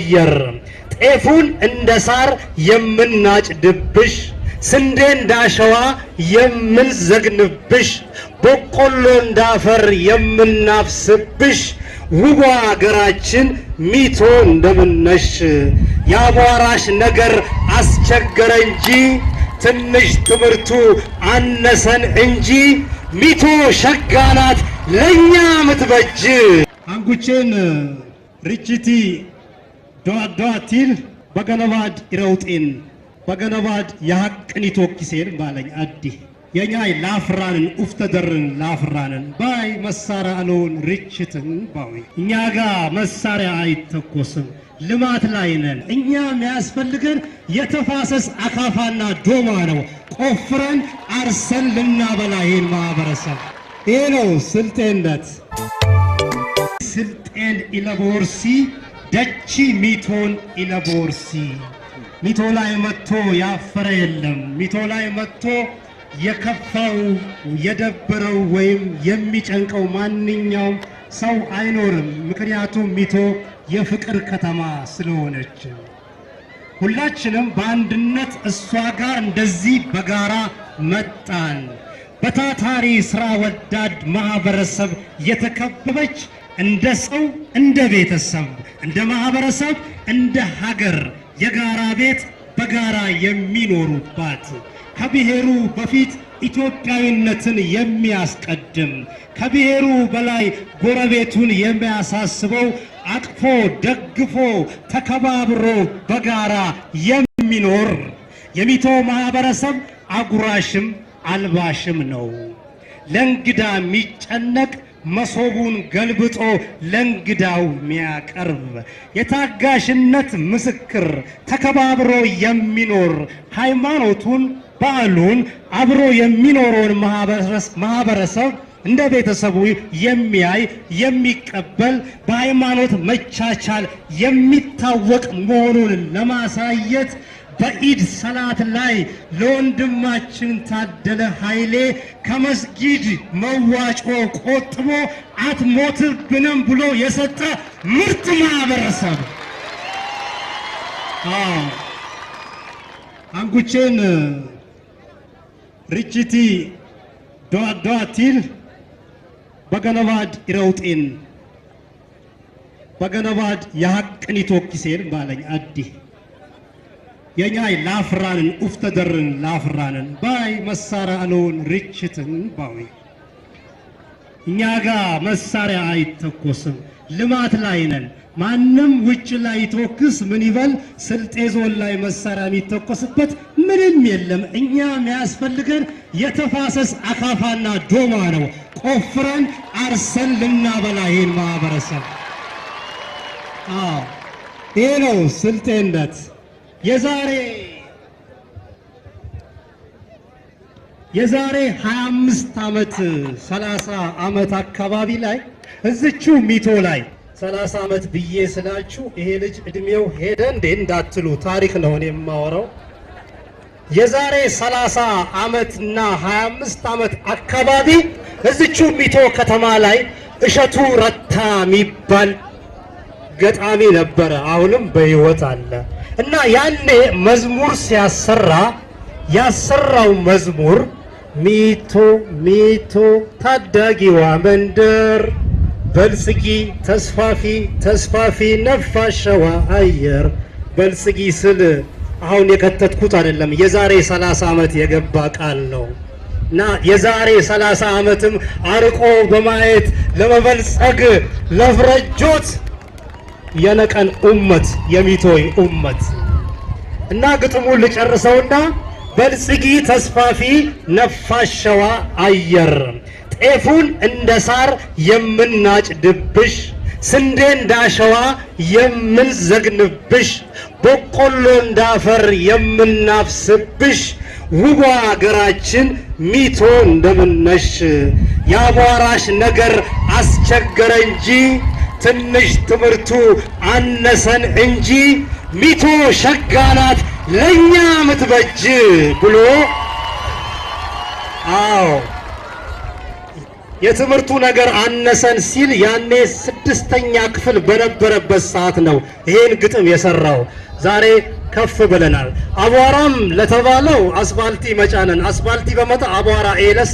አየር ጤፉን እንደ ሳር የምናጭ ድብሽ ስንዴ እንዳሸዋ የምንዘግንብሽ በቆሎ እንዳፈር የምናፍስብሽ ውቧ አገራችን ሚቶ እንደምነሽ የአቧራሽ ነገር አስቸገረ እንጂ ትንሽ ትምህርቱ አነሰን እንጂ ሚቶ ሸጋናት ለእኛ ምትበጅ አንጉቼን ሪችቲ ዶአቲል በገነባድ ይረውጤን በገነባድ የሀቅን ይቶኪሴን ባለኝ አዲ የኛይ ላፍራንን ኡፍተደርን ላፍራንን ባይ መሳሪያ አለውን ርችትን ባዊ እኛ ጋ መሳሪያ አይተኮስም። ልማት ላይ ነን። እኛ የሚያስፈልገን የተፋሰስ አካፋና ዶማ ነው። ቆፍረን አርሰን ልናበላ ይህን ማህበረሰብ ይህ ነው ስልጤነት ስልጤን ኢለቦርሲ ደቺ ሚቶን ኢለቦርሲ ሚቶ ላይ መጥቶ ያፈረ የለም። ሚቶ ላይ መጥቶ የከፋው የደበረው ወይም የሚጨንቀው ማንኛውም ሰው አይኖርም። ምክንያቱም ሚቶ የፍቅር ከተማ ስለሆነች ሁላችንም በአንድነት እሷ ጋር እንደዚህ በጋራ መጣን። በታታሪ ስራ ወዳድ ማህበረሰብ የተከበበች እንደ ሰው፣ እንደ ቤተሰብ፣ እንደ ማህበረሰብ፣ እንደ ሀገር የጋራ ቤት በጋራ የሚኖሩባት ከብሔሩ በፊት ኢትዮጵያዊነትን የሚያስቀድም ከብሔሩ በላይ ጎረቤቱን የሚያሳስበው አቅፎ ደግፎ ተከባብሮ በጋራ የሚኖር የሚቶ ማህበረሰብ አጉራሽም አልባሽም ነው። ለእንግዳ የሚጨነቅ መሶቡን ገልብጦ ለእንግዳው የሚያቀርብ የታጋሽነት ምስክር ተከባብሮ የሚኖር ሃይማኖቱን፣ በዓሉን አብሮ የሚኖረውን ማህበረሰብ እንደ ቤተሰቡ የሚያይ የሚቀበል በሃይማኖት መቻቻል የሚታወቅ መሆኑን ለማሳየት በኢድ ሰላት ላይ ለወንድማችን ታደለ ኃይሌ ከመስጊድ መዋጮ ቆጥቦ አትሞትብንም ብሎ የሰጠ ምርጥ ማህበረሰብ። አንጉቼን ርችቲ ዶአቲል በገነባድ ይረውጤን በገነባድ የሀቅን ይቶክሴን ባለኝ አዲህ የኛይ ላፍራንን ኡፍተደርን ላፍራንን ባይ መሳሪያ አለውን ርችትን ባዊ እኛ ጋ መሳሪያ አይተኮስም። ልማት ላይ ነን። ማንም ውጭ ላይ ይተኩስ ምን ይበል፣ ስልጤ ዞን ላይ መሳሪያ የሚተኮስበት ምንም የለም። እኛ የሚያስፈልገን የተፋሰስ አካፋና ዶማ ነው። ቆፍረን አርሰን ልናበላ ይህን ማህበረሰብ ይህ ነው ስልጤነት። የዛሬ የዛሬ 25 ዓመት 30 ዓመት አካባቢ ላይ እዝችው ሚቶ ላይ 30 ዓመት ብዬ ስላችሁ ይሄ ልጅ እድሜው ሄደ እንዴ እንዳትሉ ታሪክ ነው እኔ የማወራው። የዛሬ 30 ዓመትና 25 ዓመት አካባቢ እዝችው ሚቶ ከተማ ላይ እሸቱ ረታ የሚባል ገጣሚ ነበረ፣ አሁንም በህይወት አለ እና ያኔ መዝሙር ሲያሰራ ያሰራው መዝሙር ሚቶ ሚቶ ታዳጊዋ መንደር በልጽጊ ተስፋፊ ተስፋፊ ነፋሸዋ አየር በልጽጊ ስል አሁን የከተትኩት አይደለም፣ የዛሬ 30 ዓመት የገባ ቃል ነው እና የዛሬ 30 ዓመትም አርቆ በማየት ለመበልጸግ ለፍረጆት የነቀን ኡመት የሚቶይ ኡመት እና ግጥሙን ልጨርሰውና በልጽጊ ተስፋፊ ነፋሸዋ አየር ጤፉን እንደ ሳር የምናጭ ድብሽ ስንዴ እንዳሸዋ የምንዘግንብሽ በቆሎ እንዳፈር የምናፍስብሽ ውቧ አገራችን ሚቶ እንደምነሽ የአቧራሽ ነገር አስቸገረ እንጂ ትንሽ ትምህርቱ አነሰን እንጂ ሚቶ ሸጋናት ናት ለእኛ ምትበጅ ብሎ አዎ የትምህርቱ ነገር አነሰን ሲል ያኔ ስድስተኛ ክፍል በነበረበት ሰዓት ነው ይሄን ግጥም የሰራው። ዛሬ ከፍ ብለናል። አቧራም ለተባለው አስፋልቲ መጫነን አስፋልቲ በመጣ አቧራ ኤለስ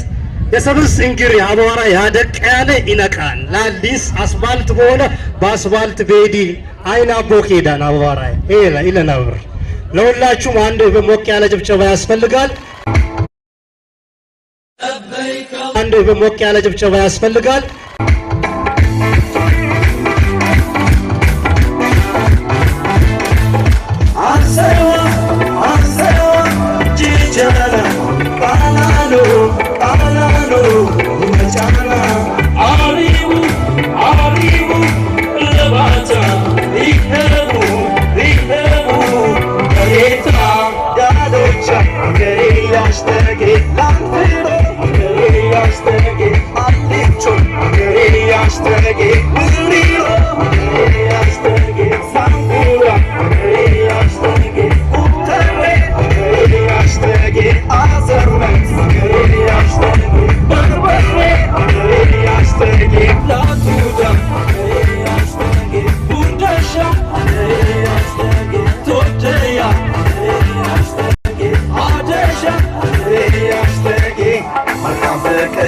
የሰብስ እንግሪ አቧራ ያደቀ ያለ ይነካል ላሊስ አስፋልት በሆነ በአስፋልት ቤዲ አይና ቦኬዳን አቧራ ይለናብር። ለሁላችሁም አንድ ሞቅ ያለ ጭብጨባ ያስፈልጋል። አንድ ሞቅ ያለ ጭብጨባ ያስፈልጋል።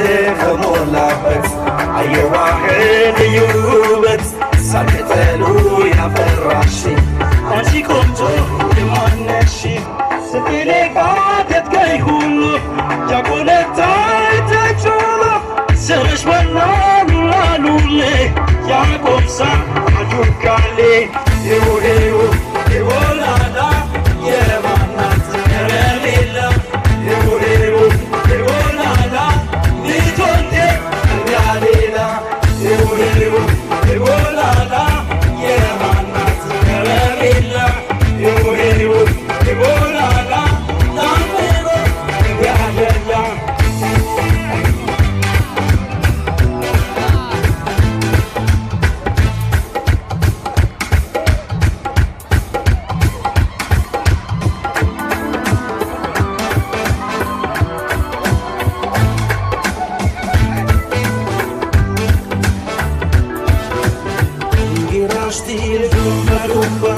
በሞላበት ሞላበት አየዋህን ልዩ ውበት ሳቅጠሉ ያፈራሽ አንቺ ቆንጆ የማነሽ ስትሌቃ ደትጋይ ሁሉ ጃቆለታ ተጮሎ ስርሽ ወና ሚላሉሌ ያቆምሳ አዱካሌ ይው ይው ይው estilo, rumba, rumba.